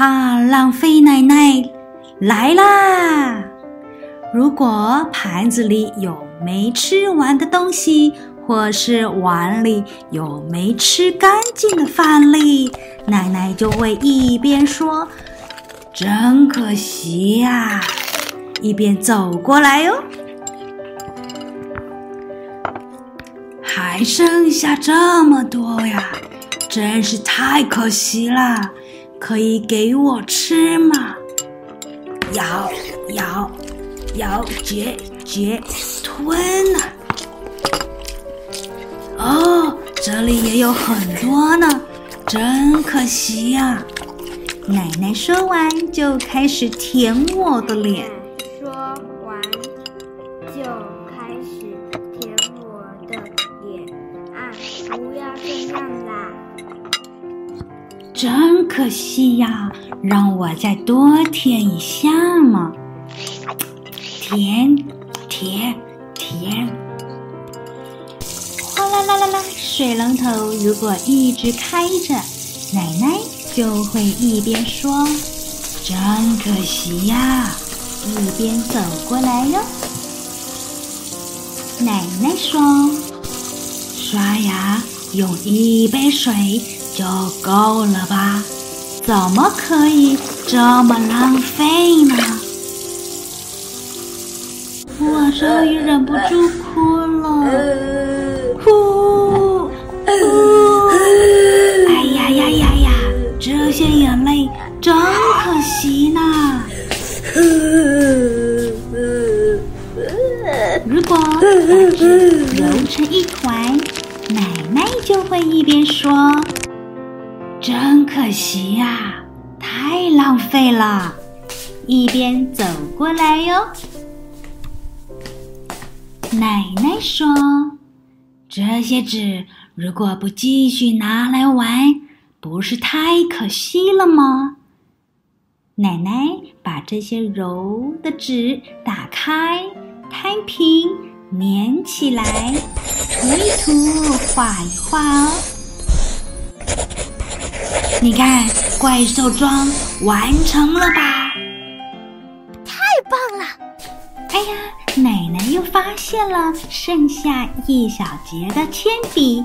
啊，怕浪費奶奶來啦！如果盤子裡有沒吃完的東西，或是碗裡有沒吃乾淨的飯粒，奶奶就會一邊說“真可惜呀”，一邊走過來喲。還剩下這麼多呀，真是太可惜了。可以給我吃嗎？咬咬咬，嚼嚼吞了。哦，這裡也有很多呢，真可惜呀！奶奶說完就開始舔我的臉。真可惜呀、啊，讓我再多舔一下嘛！舔，舔，舔。嘩啦、啊、啦啦啦，水龍頭如果一直開着，奶奶就會一邊說：“真可惜呀、啊”，一邊走過來喲。奶奶說：“刷牙用一杯水。”就夠了吧？怎麼可以這麼浪費呢？我終於忍不住哭了，哭！哭，哎呀呀呀呀！這些眼淚真可惜呢。如果把紙揉成一團，奶奶就會一邊說。真可惜呀，太浪費了！一邊走過來喲。奶奶說：“這些紙如果不繼續拿來玩，不是太可惜了嗎？”奶奶把這些揉的紙打開，攤平，粘起來，塗一塗，畫一畫哦。你看，怪獸裝完成了吧？太棒了！哎呀，奶奶又發現了剩下一小截的鉛筆，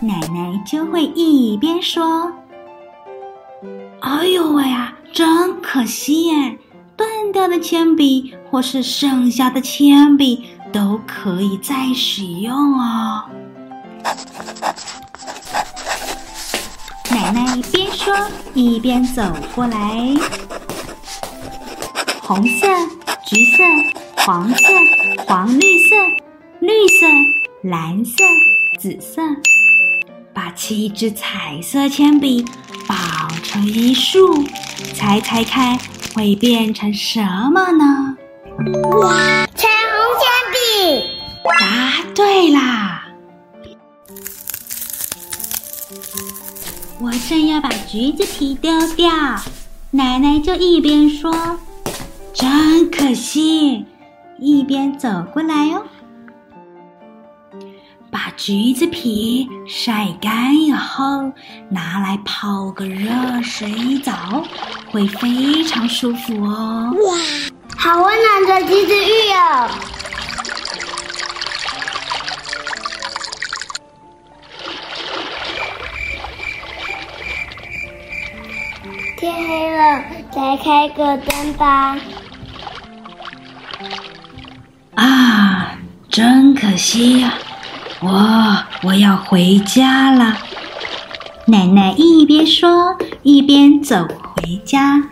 奶奶就會一邊說：“哎呦喂呀，真可惜呀，斷掉的鉛筆或是剩下的鉛筆都可以再使用哦。”奶奶一邊說一邊走過來。紅色、橘色、黃色、黃綠色、綠色、藍色、紫色，把七支彩色鉛筆綁成一束，才猜猜看會變成什麼呢？哇！彩虹鉛筆，答對了。正要把橘子皮丟掉，奶奶就一邊說：“真可惜。”一邊走過來哦。把橘子皮曬乾以後，拿來泡個熱水澡，會非常舒服哦。哇，好溫暖的橘子浴哦！天黑了，再開個燈吧。啊，真可惜呀！我我要回家了。奶奶一邊說，一邊走回家。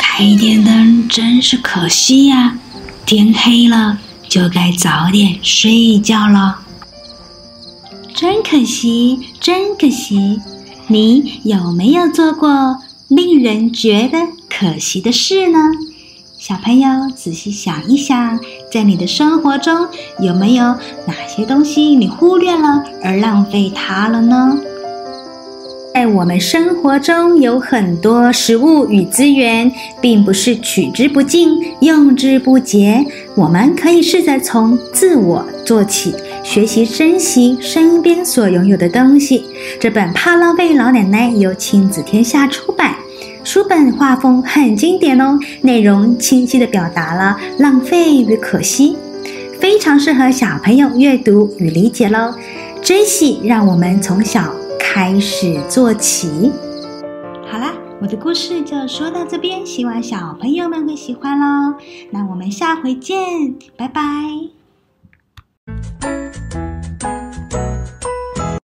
開電燈真是可惜呀！天黑了，就該早點睡覺了。真可惜，真可惜。你有沒有做過令人覺得可惜的事呢？小朋友，仔細想一想，在你的生活中有沒有哪些東西你忽略了而浪費它了呢？在我們生活中有很多食物與資源，並不是取之不盡、用之不竭。我們可以試着從自我做起，學習珍惜身邊所擁有的東西。這本《怕浪費老奶奶》由親子天下出版，書本畫風很經典哦，內容清晰的表達了浪費與可惜，非常適合小朋友閱讀與理解嘍。珍惜，讓我們從小開始做起。好啦，我的故事就說到這邊，希望小朋友們會喜歡嘍。那我們下回見，拜拜。